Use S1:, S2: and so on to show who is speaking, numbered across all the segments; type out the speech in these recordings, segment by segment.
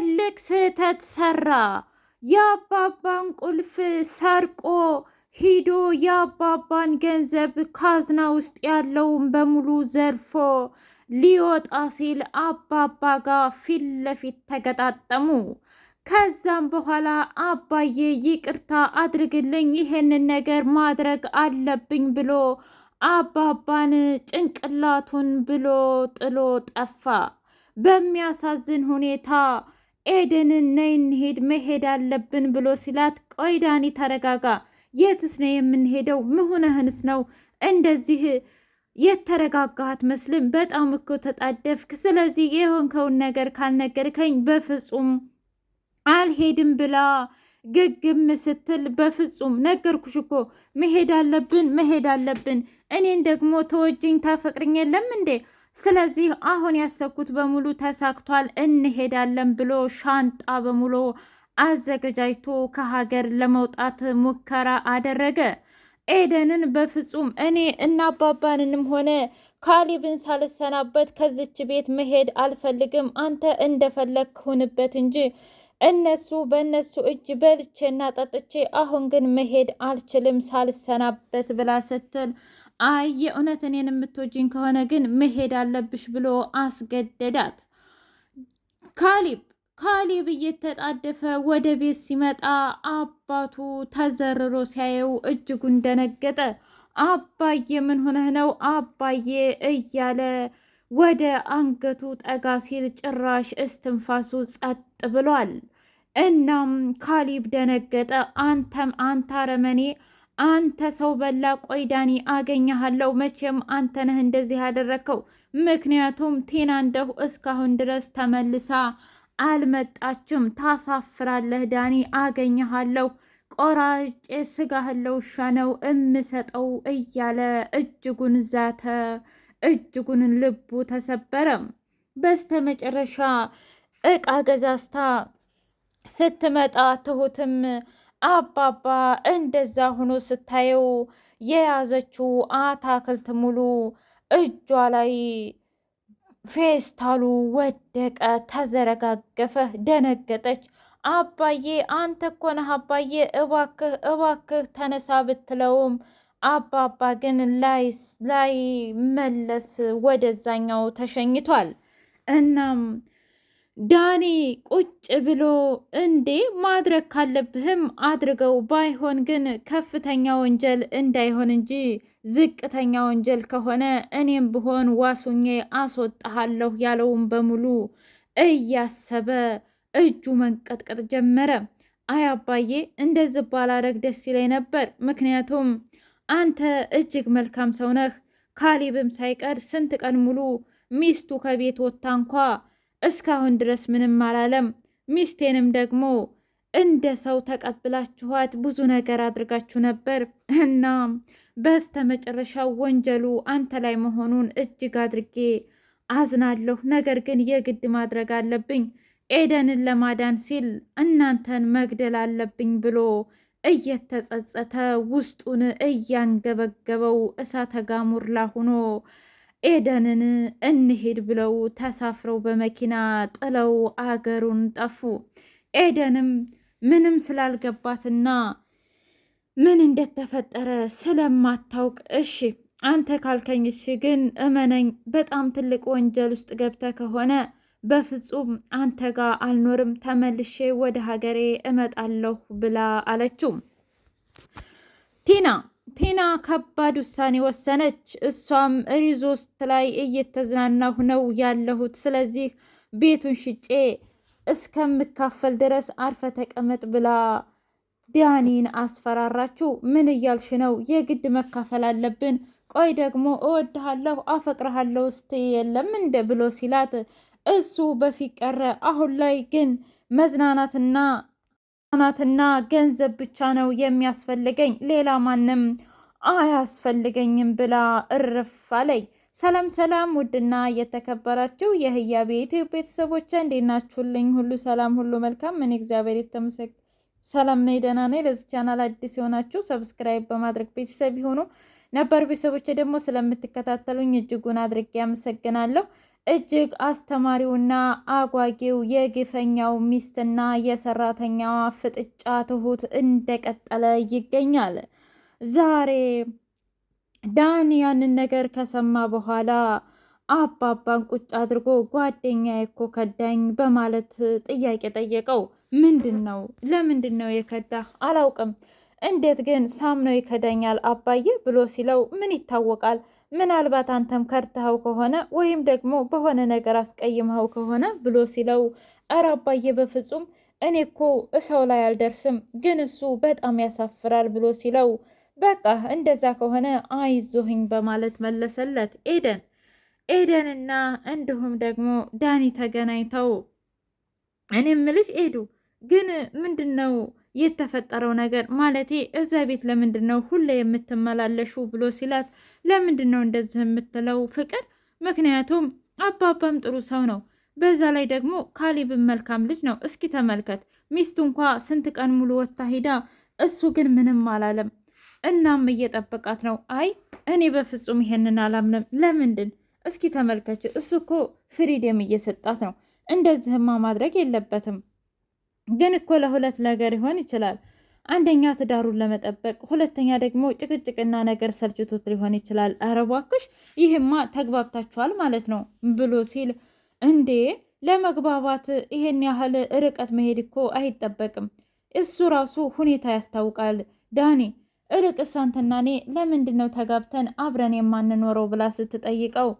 S1: ትልቅ ስህተት ሰራ። የአባባን ቁልፍ ሰርቆ ሂዶ የአባባን ገንዘብ ካዝና ውስጥ ያለውን በሙሉ ዘርፎ ሊወጣ ሲል አባባ ጋር ፊት ለፊት ተገጣጠሙ። ከዛም በኋላ አባዬ ይቅርታ አድርግልኝ፣ ይሄንን ነገር ማድረግ አለብኝ ብሎ አባባን ጭንቅላቱን ብሎ ጥሎ ጠፋ። በሚያሳዝን ሁኔታ ኤደንን ነይ መሄድ አለብን ብሎ ሲላት፣ ቆይ ዳኒ ተረጋጋ፣ የትስ ነው የምንሄደው? ምሁነህንስ ነው እንደዚህ የተረጋጋት አትመስልም። በጣም እኮ ተጣደፍክ። ስለዚህ የሆንከውን ነገር ካልነገርከኝ በፍጹም አልሄድም ብላ ግግም ስትል፣ በፍጹም ነገርኩሽ እኮ መሄድ አለብን መሄድ አለብን። እኔን ደግሞ ተወጅኝ ታፈቅርኝ የለም እንዴ ስለዚህ አሁን ያሰብኩት በሙሉ ተሳክቷል፣ እንሄዳለን ብሎ ሻንጣ በሙሉ አዘገጃጅቶ ከሀገር ለመውጣት ሙከራ አደረገ። ኤደንን በፍጹም እኔ እና አባባንንም ሆነ ካሊብን ሳልሰናበት ከዚች ቤት መሄድ አልፈልግም። አንተ እንደፈለግ ሁንበት እንጂ እነሱ በእነሱ እጅ በልቼና ጠጥቼ፣ አሁን ግን መሄድ አልችልም ሳልሰናበት ብላ ስትል አይ የእውነት እኔን የምትወጂኝ ከሆነ ግን መሄድ አለብሽ ብሎ አስገደዳት። ካሊብ ካሊብ እየተጣደፈ ወደ ቤት ሲመጣ አባቱ ተዘርሮ ሲያየው እጅጉን ደነገጠ። አባዬ ምን ሆነህ ነው አባዬ እያለ ወደ አንገቱ ጠጋ ሲል ጭራሽ እስትንፋሱ ጸጥ ብሏል። እናም ካሊብ ደነገጠ። አንተም አንተ አረመኔ አንተ ሰው በላ ቆይ ዳኒ አገኘሃለው። መቼም አንተ ነህ እንደዚህ ያደረግከው። ምክንያቱም ቴና እንደሁ እስካሁን ድረስ ተመልሳ አልመጣችም። ታሳፍራለህ ዳኒ፣ አገኘሃለው። ቆራጬ ስጋህን ለውሻ ነው እምሰጠው እያለ እጅጉን ዛተ። እጅጉን ልቡ ተሰበረ። በስተ መጨረሻ እቃ ገዛዝታ ስትመጣ ትሁትም አባባ እንደዛ ሆኖ ስታየው የያዘችው አታክልት ሙሉ እጇ ላይ ፌስታሉ ወደቀ፣ ተዘረጋገፈ፣ ደነገጠች። አባዬ አንተ እኮ ነህ አባዬ፣ እባክህ እባክህ ተነሳ ብትለውም አባባ ግን ላይ መለስ ወደዛኛው ተሸኝቷል። እናም ዳኔ ቁጭ ብሎ እንዴ ማድረግ ካለብህም አድርገው፣ ባይሆን ግን ከፍተኛ ወንጀል እንዳይሆን እንጂ ዝቅተኛ ወንጀል ከሆነ እኔም ብሆን ዋሱኜ አስወጣሃለሁ ያለውን በሙሉ እያሰበ እጁ መንቀጥቀጥ ጀመረ። አይ አባዬ፣ እንደዚህ ባላረግ ደስ ይለኝ ነበር። ምክንያቱም አንተ እጅግ መልካም ሰው ነህ። ካሊብም ሳይቀር ስንት ቀን ሙሉ ሚስቱ ከቤት ወጥታ እንኳ እስካሁን ድረስ ምንም አላለም። ሚስቴንም ደግሞ እንደ ሰው ተቀብላችኋት ብዙ ነገር አድርጋችሁ ነበር እና በስተ መጨረሻው ወንጀሉ አንተ ላይ መሆኑን እጅግ አድርጌ አዝናለሁ። ነገር ግን የግድ ማድረግ አለብኝ ኤደንን ለማዳን ሲል እናንተን መግደል አለብኝ ብሎ እየተጸጸተ ውስጡን እያንገበገበው እሳተ ጋሙርላ ሆኖ ኤደንን እንሄድ ብለው ተሳፍረው በመኪና ጥለው አገሩን ጠፉ። ኤደንም ምንም ስላልገባትና ምን እንደተፈጠረ ስለማታውቅ እሺ አንተ ካልከኝ እሺ፣ ግን እመነኝ በጣም ትልቅ ወንጀል ውስጥ ገብተ ከሆነ በፍጹም አንተ ጋር አልኖርም፣ ተመልሼ ወደ ሀገሬ እመጣለሁ ብላ አለችው ቲና ቴና ከባድ ውሳኔ ወሰነች። እሷም ሪዞርት ላይ እየተዝናናሁ ነው ያለሁት፣ ስለዚህ ቤቱን ሽጬ እስከምካፈል ድረስ አርፈ ተቀመጥ ብላ ዲያኒን አስፈራራችሁ። ምን እያልሽ ነው? የግድ መካፈል አለብን። ቆይ ደግሞ እወድሃለሁ፣ አፈቅርሃለሁ ውስጥ የለም እንደ ብሎ ሲላት እሱ በፊት ቀረ። አሁን ላይ ግን መዝናናትና ናትና ገንዘብ ብቻ ነው የሚያስፈልገኝ፣ ሌላ ማንም አያስፈልገኝም ብላ እርፍ አለይ። ሰላም ሰላም! ውድና የተከበራችሁ የህያ ኢትዮጵያ ቤተሰቦች እንዴት ናችሁልኝ? ሁሉ ሰላም፣ ሁሉ መልካም። ምን እግዚአብሔር የተመሰግ ሰላም ነኝ፣ ደህና ነኝ። ለዚህ ቻናል አዲስ የሆናችሁ ሰብስክራይብ በማድረግ ቤተሰብ ይሁኑ። ነበር ቤተሰቦች ደግሞ ስለምትከታተሉኝ እጅጉን አድርጌ አመሰግናለሁ። እጅግ አስተማሪውና አጓጊው የግፈኛው ሚስትና የሰራተኛዋ ፍጥጫ ትሁት እንደቀጠለ ይገኛል። ዛሬ ዳን ያንን ነገር ከሰማ በኋላ አባባን ቁጭ አድርጎ ጓደኛ እኮ ከዳኝ በማለት ጥያቄ ጠየቀው። ምንድን ነው ለምንድን ነው የከዳ? አላውቅም። እንዴት ግን ሳምነው ይከዳኛል አባዬ ብሎ ሲለው ምን ይታወቃል ምናልባት አንተም ከድተኸው ከሆነ ወይም ደግሞ በሆነ ነገር አስቀይመኸው ከሆነ ብሎ ሲለው ኧረ አባዬ በፍጹም እኔ እኮ እሰው ላይ አልደርስም፣ ግን እሱ በጣም ያሳፍራል ብሎ ሲለው በቃ እንደዛ ከሆነ አይዞህኝ በማለት መለሰለት። ኤደን ኤደንና እንዲሁም ደግሞ ዳኒ ተገናኝተው እኔ እምልሽ ኤዱ ግን ምንድን ነው የተፈጠረው ነገር? ማለቴ እዛ ቤት ለምንድን ነው ሁሌ የምትመላለሹ? ብሎ ሲላት ለምንድን ነው እንደዚህ የምትለው ፍቅር? ምክንያቱም አባባም ጥሩ ሰው ነው። በዛ ላይ ደግሞ ካሊብን መልካም ልጅ ነው። እስኪ ተመልከት፣ ሚስቱ እንኳ ስንት ቀን ሙሉ ወታ ሂዳ፣ እሱ ግን ምንም አላለም። እናም እየጠበቃት ነው። አይ እኔ በፍጹም ይሄንን አላምንም። ለምንድን እስኪ ተመልከች፣ እሱ እኮ ፍሪደም እየሰጣት ነው። እንደዚህማ ማድረግ የለበትም። ግን እኮ ለሁለት ነገር ይሆን ይችላል አንደኛ ትዳሩን ለመጠበቅ፣ ሁለተኛ ደግሞ ጭቅጭቅና ነገር ሰልችቶት ሊሆን ይችላል። ኧረ እባክሽ ይህማ ተግባብታችኋል ማለት ነው ብሎ ሲል እንዴ ለመግባባት ይሄን ያህል ርቀት መሄድ እኮ አይጠበቅም። እሱ ራሱ ሁኔታ ያስታውቃል። ዳኒ እልቅ አንተና እኔ ለምንድን ነው ተጋብተን አብረን የማንኖረው ብላ ስትጠይቀው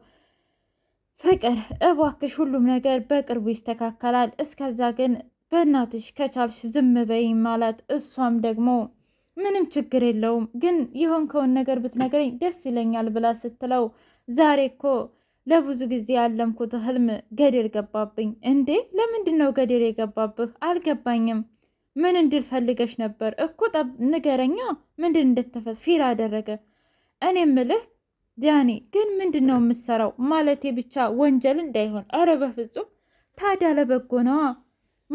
S1: ፍቅር እባክሽ ሁሉም ነገር በቅርቡ ይስተካከላል። እስከዛ ግን በእናትሽ ከቻልሽ ዝም በይ ማለት እሷም ደግሞ ምንም ችግር የለውም ግን የሆንከውን ነገር ብትነግረኝ ደስ ይለኛል ብላ ስትለው ዛሬ እኮ ለብዙ ጊዜ ያለምኩት ህልም ገደል ገባብኝ። እንዴ ለምንድን ነው ገደል የገባብህ? አልገባኝም። ምን እንድል ፈልገሽ ነበር እኮ ንገረኛ። ምንድን እንደተፈል ፊል አደረገ። እኔ ምልህ ዳኒ ግን ምንድን ነው የምሰራው? ማለቴ ብቻ ወንጀል እንዳይሆን። አረ በፍጹም ታዲያ ለበጎ ነዋ።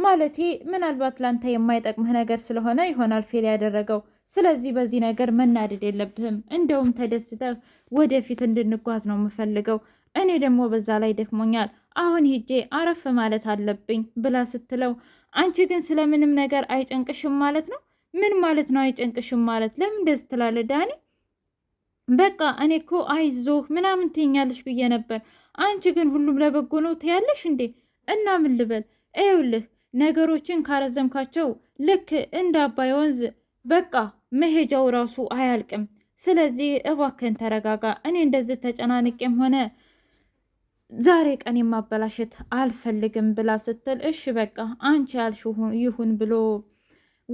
S1: ማለቴ ምናልባት ላንተ የማይጠቅምህ ነገር ስለሆነ ይሆናል ፌል ያደረገው። ስለዚህ በዚህ ነገር መናደድ የለብህም። እንደውም ተደስተህ ወደፊት እንድንጓዝ ነው የምፈልገው። እኔ ደግሞ በዛ ላይ ደክሞኛል፣ አሁን ሂጄ አረፍ ማለት አለብኝ ብላ ስትለው አንቺ ግን ስለምንም ነገር አይጨንቅሽም ማለት ነው? ምን ማለት ነው አይጨንቅሽም ማለት? ለምን ደስ ትላለህ ዳኒ? በቃ እኔ እኮ አይዞህ ምናምን ትይኛለሽ ብዬ ነበር። አንቺ ግን ሁሉም ለበጎ ነው ትያለሽ እንዴ? እና ምን ልበል? ይኸውልህ ነገሮችን ካረዘምካቸው ልክ እንደ አባይ ወንዝ በቃ መሄጃው ራሱ አያልቅም። ስለዚህ እባክህን ተረጋጋ። እኔ እንደዚህ ተጨናንቄም ሆነ ዛሬ ቀን የማበላሸት አልፈልግም ብላ ስትል እሺ በቃ አንቺ ያልሽው ይሁን ብሎ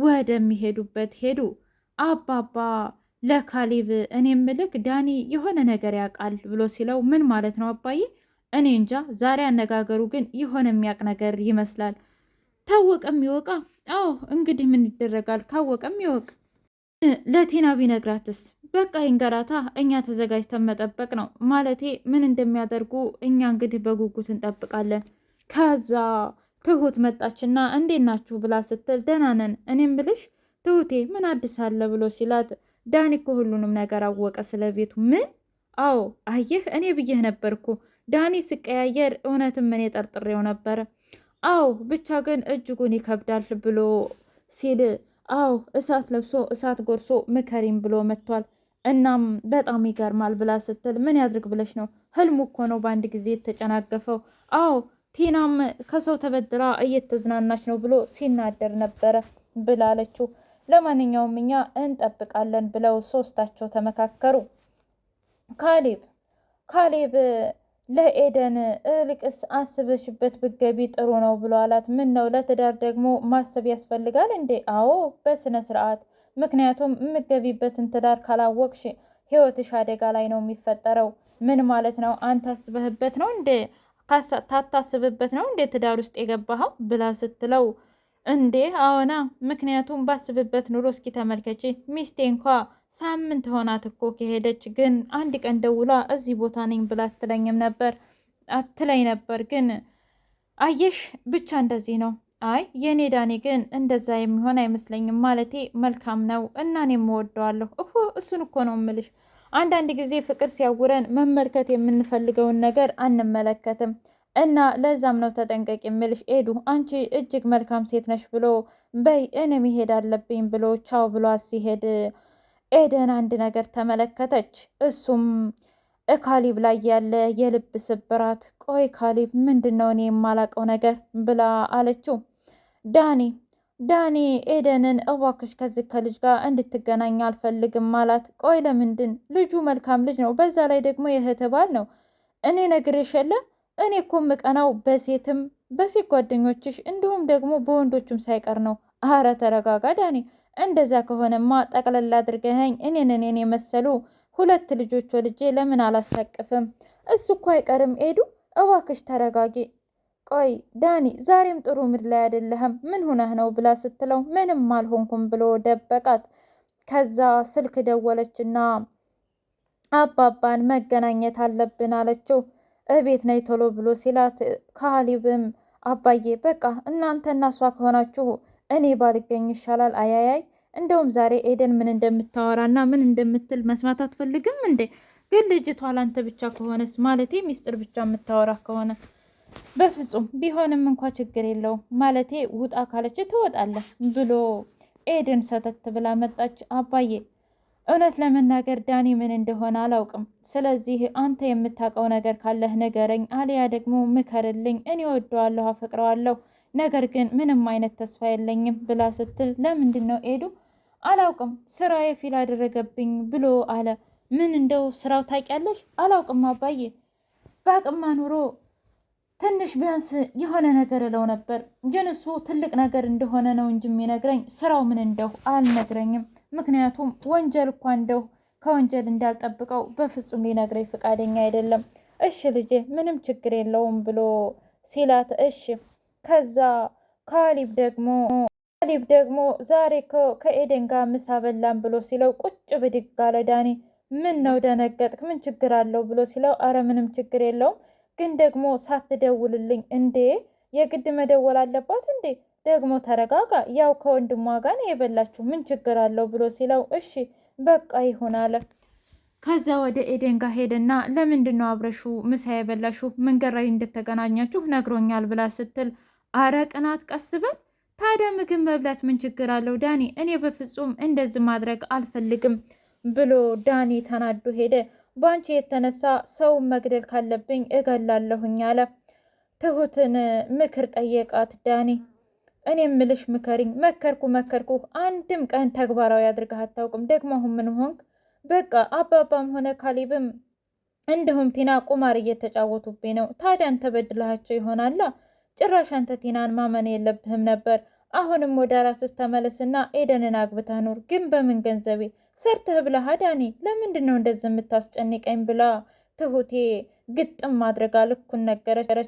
S1: ወደሚሄዱበት ሄዱ። አባባ ለካሊብ እኔ ምልክ ዳኒ የሆነ ነገር ያውቃል ብሎ ሲለው ምን ማለት ነው አባዬ? እኔ እንጃ ዛሬ አነጋገሩ ግን የሆነ የሚያውቅ ነገር ይመስላል ታወቀም ይወቃ። አዎ እንግዲህ ምን ይደረጋል፣ ካወቀም ይወቅ። ለቲና ቢነግራትስ? በቃ ይንገራታ። እኛ ተዘጋጅተን መጠበቅ ነው። ማለቴ ምን እንደሚያደርጉ እኛ እንግዲህ በጉጉት እንጠብቃለን። ከዛ ትሁት መጣችና እንዴት ናችሁ ብላ ስትል ደህና ነን፣ እኔም ብልሽ ትሁቴ ምን አዲስ አለ ብሎ ሲላት ዳኒ እኮ ሁሉንም ነገር አወቀ ስለ ቤቱ። ምን? አዎ አየህ፣ እኔ ብዬህ ነበርኩ። ዳኒ ሲቀያየር እውነትም እኔ ጠርጥሬው ነበረ። አዎ ብቻ ግን እጅጉን ይከብዳል ብሎ ሲል አዎ እሳት ለብሶ እሳት ጎርሶ ምከሪም ብሎ መጥቷል። እናም በጣም ይገርማል ብላ ስትል ምን ያድርግ ብለሽ ነው? ህልሙ እኮ ነው በአንድ ጊዜ የተጨናገፈው። አዎ ቲናም ከሰው ተበድራ እየተዝናናች ነው ብሎ ሲናደር ነበረ ብላለችው። ለማንኛውም እኛ እንጠብቃለን ብለው ሶስታቸው ተመካከሩ። ካሌብ ካሌብ ለኤደን እልቅስ አስበሽበት ብገቢ ጥሩ ነው ብሎ አላት። ምን ነው ለትዳር ደግሞ ማሰብ ያስፈልጋል እንዴ? አዎ በስነ ስርዓት። ምክንያቱም የምገቢበትን ትዳር ካላወቅሽ ህይወትሽ አደጋ ላይ ነው የሚፈጠረው። ምን ማለት ነው? አንተ አስበህበት ነው እንዴ? ታታስብበት ነው እንዴ ትዳር ውስጥ የገባኸው ብላ ስትለው እንዴ አዎና፣ ምክንያቱም ባስብበት ኑሮ እስኪ ተመልከች። ሚስቴ እንኳ ሳምንት ሆናት እኮ ከሄደች፣ ግን አንድ ቀን ደውላ እዚህ ቦታ ነኝ ብላ አትለኝም ነበር አትለኝ ነበር። ግን አየሽ ብቻ እንደዚህ ነው። አይ የኔ ዳኔ ግን እንደዛ የሚሆን አይመስለኝም። ማለቴ መልካም ነው እና እኔም እወደዋለሁ እኮ እሱን እኮ ነው ምልሽ አንዳንድ ጊዜ ፍቅር ሲያውረን መመልከት የምንፈልገውን ነገር አንመለከትም። እና ለዛም ነው ተጠንቀቅ የምልሽ ኤዱ፣ አንቺ እጅግ መልካም ሴት ነሽ ብሎ በይ እኔ መሄድ አለብኝ ብሎ ቻው ብሎ ሲሄድ ኤደን አንድ ነገር ተመለከተች። እሱም ካሊብ ላይ ያለ የልብ ስብራት። ቆይ ካሊብ ምንድን ነው እኔ የማላቀው ነገር ብላ አለችው። ዳኒ ዳኒ ኤደንን እባክሽ ከዚህ ከልጅ ጋር እንድትገናኝ አልፈልግም አላት። ቆይ ለምንድን? ልጁ መልካም ልጅ ነው፣ በዛ ላይ ደግሞ የእህት ባል ነው። እኔ ነግሬሽ የለ እኔ እኮ ምቀናው በሴትም በሴት ጓደኞችሽ እንዲሁም ደግሞ በወንዶቹም ሳይቀር ነው። አረ ተረጋጋ ዳኒ። እንደዛ ከሆነማ ጠቅለላ አድርገኸኝ እኔን እኔን የመሰሉ ሁለት ልጆች ወልጄ ለምን አላስታቅፍም? እሱ እኮ አይቀርም። ኤዱ እባክሽ ተረጋጊ። ቆይ ዳኒ ዛሬም ጥሩ ምድ ላይ አይደለህም፣ ምን ሁነህ ነው ብላ ስትለው ምንም አልሆንኩም ብሎ ደበቃት። ከዛ ስልክ ደወለችና አባባን መገናኘት አለብን አለችው። እቤት ነይ ቶሎ ብሎ ሲላት ካሊብም አባዬ በቃ እናንተ እሷ ከሆናችሁ እኔ ባልገኝ ይሻላል። አያያይ እንደውም ዛሬ ኤደን ምን እንደምታወራና ምን እንደምትል መስማት አትፈልግም እንዴ? ግን ልጅቷ ላንተ ብቻ ከሆነስ ማለቴ ሚስጥር ብቻ የምታወራ ከሆነ በፍጹም ቢሆንም እንኳ ችግር የለውም ማለቴ ውጣ ካለች ትወጣለህ ብሎ ኤደን ሰተት ብላ መጣች። አባዬ እውነት ለመናገር ዳኒ ምን እንደሆነ አላውቅም። ስለዚህ አንተ የምታውቀው ነገር ካለህ ንገረኝ፣ አሊያ ደግሞ ምከርልኝ። እኔ ወደዋለሁ፣ አፈቅረዋለሁ፣ ነገር ግን ምንም አይነት ተስፋ የለኝም ብላ ስትል ለምንድን ነው ኤዱ አላውቅም፣ ስራዬ ፊል አደረገብኝ ብሎ አለ። ምን እንደው ስራው ታውቂያለሽ? አላውቅም አባዬ፣ በአቅማ ኑሮ ትንሽ ቢያንስ የሆነ ነገር እለው ነበር፣ ግን እሱ ትልቅ ነገር እንደሆነ ነው እንጂ የሚነግረኝ ስራው ምን እንደው አልነግረኝም ምክንያቱም ወንጀል እኳ እንደው ከወንጀል እንዳልጠብቀው በፍጹም ሊነግረኝ ፈቃደኛ አይደለም። እሺ ልጄ ምንም ችግር የለውም ብሎ ሲላት እሺ። ከዛ ካሊብ ደግሞ ካሊብ ደግሞ ዛሬ ከኤደን ጋር ምሳ በላን ብሎ ሲለው ቁጭ ብድግ አለ ዳኒ። ምን ነው ደነገጥክ? ምን ችግር አለው ብሎ ሲለው አረ ምንም ችግር የለውም ግን ደግሞ ሳትደውልልኝ እንዴ የግድ መደወል አለባት እንዴ ደግሞ ተረጋጋ፣ ያው ከወንድሟ ጋር ነው የበላችሁ ምን ችግር አለው ብሎ ሲለው እሺ በቃ ይሆን አለ። ከዛ ወደ ኤደን ጋር ሄደና ለምንድን ነው አብረሹ ምሳ የበላሹ መንገድ ላይ እንደተገናኛችሁ ነግሮኛል ብላ ስትል አረ ቅናት ቀስበል ታዲያ ምግብ መብላት ምን ችግር አለው ዳኒ፣ እኔ በፍጹም እንደዚህ ማድረግ አልፈልግም ብሎ ዳኒ ተናዶ ሄደ። በአንቺ የተነሳ ሰው መግደል ካለብኝ እገላለሁኝ አለ። ትሁትን ምክር ጠየቃት ዳኒ። እኔ ምልሽ ምከሪኝ። መከርኩ መከርኩ፣ አንድም ቀን ተግባራዊ አድርገህ አታውቅም። ደግሞ አሁን ምን ሆንክ? በቃ አባባም ሆነ ካሌብም እንዲሁም ቲና ቁማር እየተጫወቱብኝ ነው። ታዲያ አንተ በድለሃቸው ይሆናላ። ጭራሽ አንተ ቲናን ማመን የለብህም ነበር። አሁንም ወደ ራስህ ተመለስና ኤደንን አግብተህ ኑር። ግን በምን ገንዘቤ ሰርተህ ብለህ አዳኒ፣ ለምንድን ነው እንደዚህ የምታስጨንቀኝ? ብላ ትሁቴ ግጥም ማድረግ አልኩን ነገረች።